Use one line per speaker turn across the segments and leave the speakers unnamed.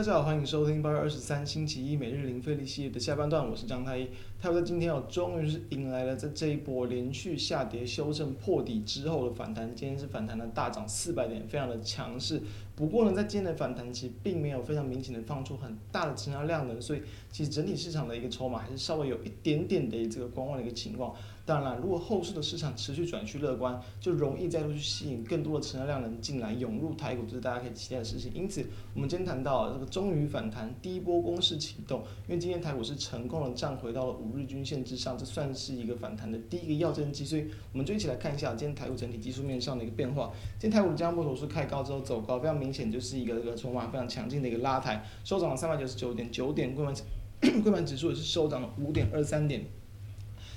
大家好，歡迎收聽八月二十三星期一每日零費力系列的下半段，我是張太一。台股在今天哦，終於是迎來了在這一波連續下跌、修正、破底之後的反彈。今天是反彈的大漲四百點，非常的強勢。不過呢，在今天的反彈其實並沒有非常明顯的放出很大的成交量能，所以其實整體市場的一個籌碼還是稍微有一點點的這個觀望的一個情況。當然，如果後續的市場持續轉趨樂觀，就容易再度去吸引更多的成交量能進來湧入台股，這、就是大家可以期待的事情。因此，我們今天談到了這個終於反彈，第一波攻勢啟動，因為今天台股是成功的站回到了五日均線之上，這算是一個反彈的第一個要震機，所以我們就一起來看一下今天台股整體技術面上的一個變化。今天台股的加權指數開高之後走高，非常明顯就是一個這個籌碼非常強勁的一個拉抬，收漲了三百九十九點九點，櫃板櫃板指數也是收漲了五點二三點。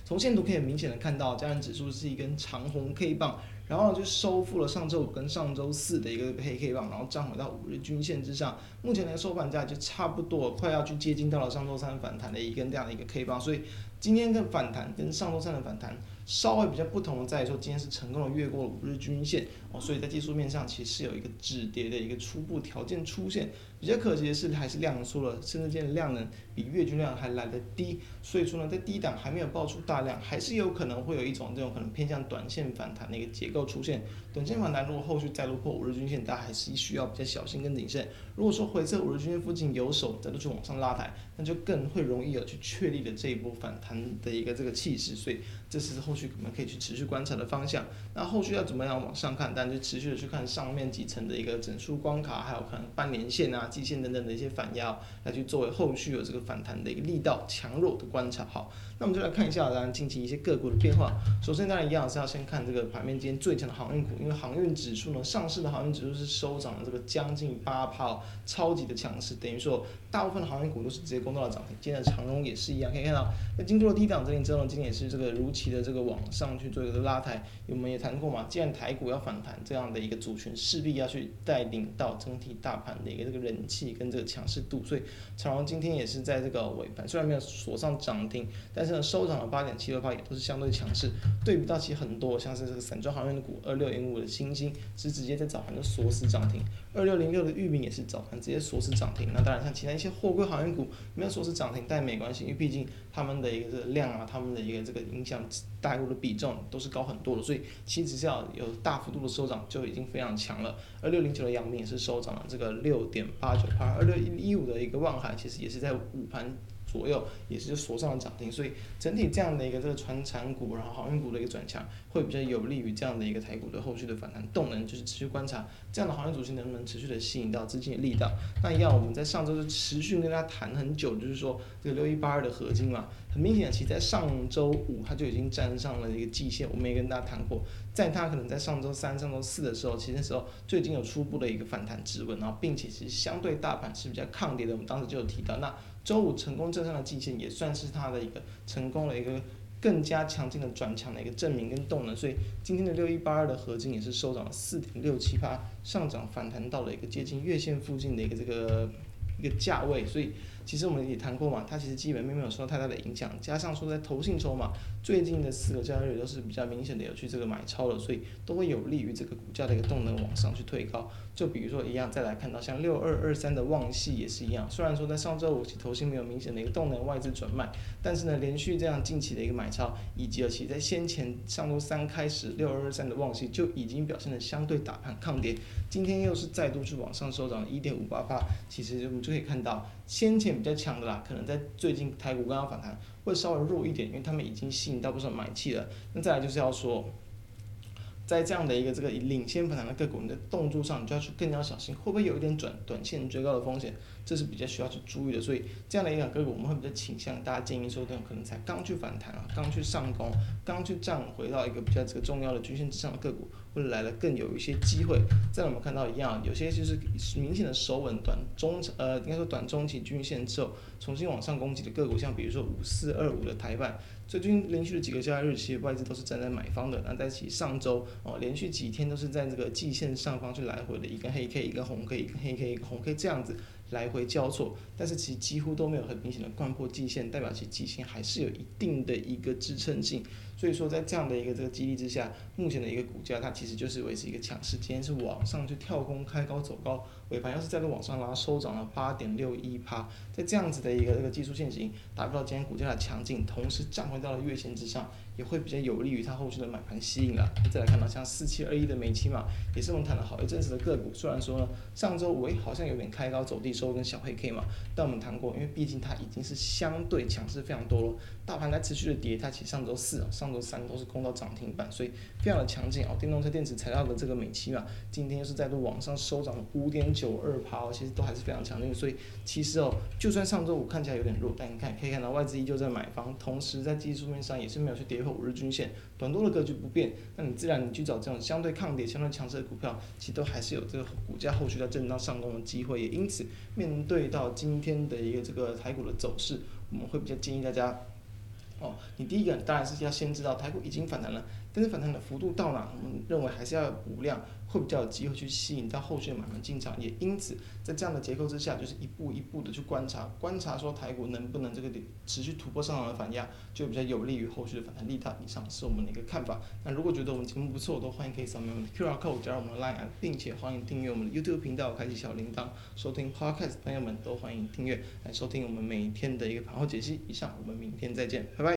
從線圖可以明顯的看到，加權指數是一根長紅 K 棒。然後就收復了上周五跟上周四的一個黑 K 棒，然後站回到五日均線之上。目前的收盤價就差不多快要去接近到了上周三反彈的一根這樣的一個 K 棒，所以今天的反彈跟上周三的反彈稍微比較不同的在於說，今天是成功的越過了五日均線哦，所以在技術面上其實是有一個止跌的一個初步條件出現。比較可惜的是還是量縮了，甚至現量呢比月均量還來得低，所以說呢在低檔還沒有爆出大量，還是有可能會有一種這種可能偏向短線反彈的一個結果。夠出現，短線反彈。如果後續再突破五日均線，大家還是需要比較小心跟謹慎。如果說回測五日均線附近有手，再度往上拉抬，那就更會容易有去確立了這一波反彈的一個這個氣勢。所以這是後續我們可以去持續觀察的方向。那後續要怎麼樣往上看？當然就持續的去看上面幾層的一個整數關卡，還有可能半年線啊、季線等等的一些反壓，來去作為後續有這個反彈的一個力道強弱的觀察。好，那我們就來看一下當然近期一些個股的變化。首先，當然一樣是要先看這個盤面間。最強的航運股，因為航運指數呢，上市的航運指數是收漲了這個將近八趴、哦，超級的強勢，等於說大部分的航運股都是直接攻到了漲停。接着長榮也是一樣，可以看到，那經過了低檔整理之後呢，今天也是這個如期的這個往上去做一個拉抬。我們也談過嘛，既然台股要反彈，這樣的一個族群勢必要去帶領到整體大盤的一個這個人氣跟這個強勢度，所以長榮今天也是在這個尾盤，雖然沒有鎖上漲停，但是呢收漲了八點七六趴也都是相對強勢。對比到其實很多像是這個散裝航運。股二六零五的新興是直接在早盤就鎖死漲停，二六零六的裕民也是早盤直接鎖死漲停。那當然，像其他一些貨櫃航運股沒有鎖死漲停，但沒關係，因為畢竟他們的一個，這個量啊，他們的一個這個影響帶入的比重都是高很多的，所以其實只要有大幅度的收漲就已經非常強了。二六零九的陽明也是收漲了這個六點八九趴，二六一五的一個萬海其實也是在午盤左右也是鎖上了漲停，所以整體這樣的一個這個傳產股，然後航運股的一個轉強，會比較有利於這樣的一個台股的後續的反彈動能，就是持續觀察這樣的行情走勢，能不能持續的吸引到資金的力道。那一樣，我們在上周就持續跟他談很久，就是說這個六一八二的合晶嘛，很明顯，其實在上周五它就已經站上了一個季線。我們也跟大家談過，在它可能在上周三、上周四的時候，其實那時候就已經有初步的一個反彈止穩，然後並且其實相對大盤是比較抗跌的。我們當時就有提到，那周五成功站上了季線也算是它的一個成功的一個，更加強勁的轉強的一個證明跟動能，所以今天的六一八二的合金也是收漲了四點六七八，上漲反彈到了一個接近月線附近的一個這個一個價位，所以。其實我們也談過嘛，它其實基本面沒有受到太大的影響，加上說在投信籌碼最近的四個交易日都是比較明顯的有去這個買超了，所以都會有利於這個股價的一個動能往上去推高。就比如說一樣，再來看到像六二二三的旺矽也是一樣，雖然說在上周五投信沒有明顯的一個動能外資轉賣，但是呢連續這樣近期的一個買超，以及尤其在先前上周三開始六二二三的旺矽就已經表現的相對大盤抗跌，今天又是再度去往上收漲一點五八八，其實我們就可以看到先前。比較強的啦，可能在最近台股剛剛反彈，會稍微弱一點，因為他們已經吸引到不少買氣了。那再來就是要說，在這樣的一個這個領先反彈的個股，你的動作上你就要去更加小心，會不會有一點轉短線追高的風險？這是比較需要去注意的，所以這樣的一檔個股，我們會比較傾向大家建議說，等可能才剛去反彈啊，剛去上攻，剛去站回到一個比較這個重要的均線之上的個股，會來的更有一些機會。再我們看到一樣，有些就是明顯的守穩短中呃，應該說短中期均線之後重新往上攻擊的個股，像比如說五四二五的台辦，最近連續的幾個交易日期，外資都是站在買方的，那在其上周哦，連續幾天都是在這個季線上方去來回的一個黑 K 一個紅 K 一個黑 K 一根黑黑紅 K 這樣子。來回交錯，但是其實幾乎都沒有很明顯的貫破季線，代表其季線還是有一定的一個支撐性。所以說，在這樣的一個這個激勵，之下，目前的一個股價它其實就是維持一個強勢。今天是往上就跳空開高走高，尾盤要是再度往上拉，收漲了八點六一趴。在這樣子的一個這個技術線型，達不到今天股價的強勁，同時站回到了月線之上，也會比較有利於它後續的買盤吸引了。再來看到像四七二一的美琪嘛，也是我們談了好一陣子的個股。雖然說呢，上周五好像有點開高走低收跟小黑 K 嘛，但我們談過，因為畢竟它已經是相對強勢非常多了，大盤在持續的跌，它其實上周四上、啊。上週三都是攻到漲停板，所以非常的強勁哦。電動車電子材料的這個美琪瑪，今天又是再度往上收漲五點九二%，趴、哦，其實都還是非常強勁。所以其實哦，就算上週五看起來有點弱，但你看可以看到外資依舊在買方，同時在技術面上也是沒有去跌破五日均線，短多的格局不變，那你自然你去找這種相對抗跌、相對強勢的股票，其實都還是有這個股價後續在震盪上攻的機會。也因此，面對到今天的一個這個台股的走勢，我們會比較建議大家。哦，你第一個當然是要先知道台股已經反彈了，但是反彈的幅度到哪，我們認為還是要有量，會比較有機會去吸引到後續的買盤進場，也因此在這樣的結構之下，就是一步一步的去觀察，觀察說台股能不能這個持續突破上檔的反壓，就比較有利於後續的反彈力道。以上是我們的一個看法。那如果覺得我們節目不錯，都歡迎可以掃描我們的 QR code 加入我們的 LINE，並且歡迎訂閱我們的 YouTube 頻道，開啟小鈴鐺，收聽 Podcast。朋友們都歡迎訂閱來收聽我們每天的一個盤後解析。以上，我們明天再見，拜拜。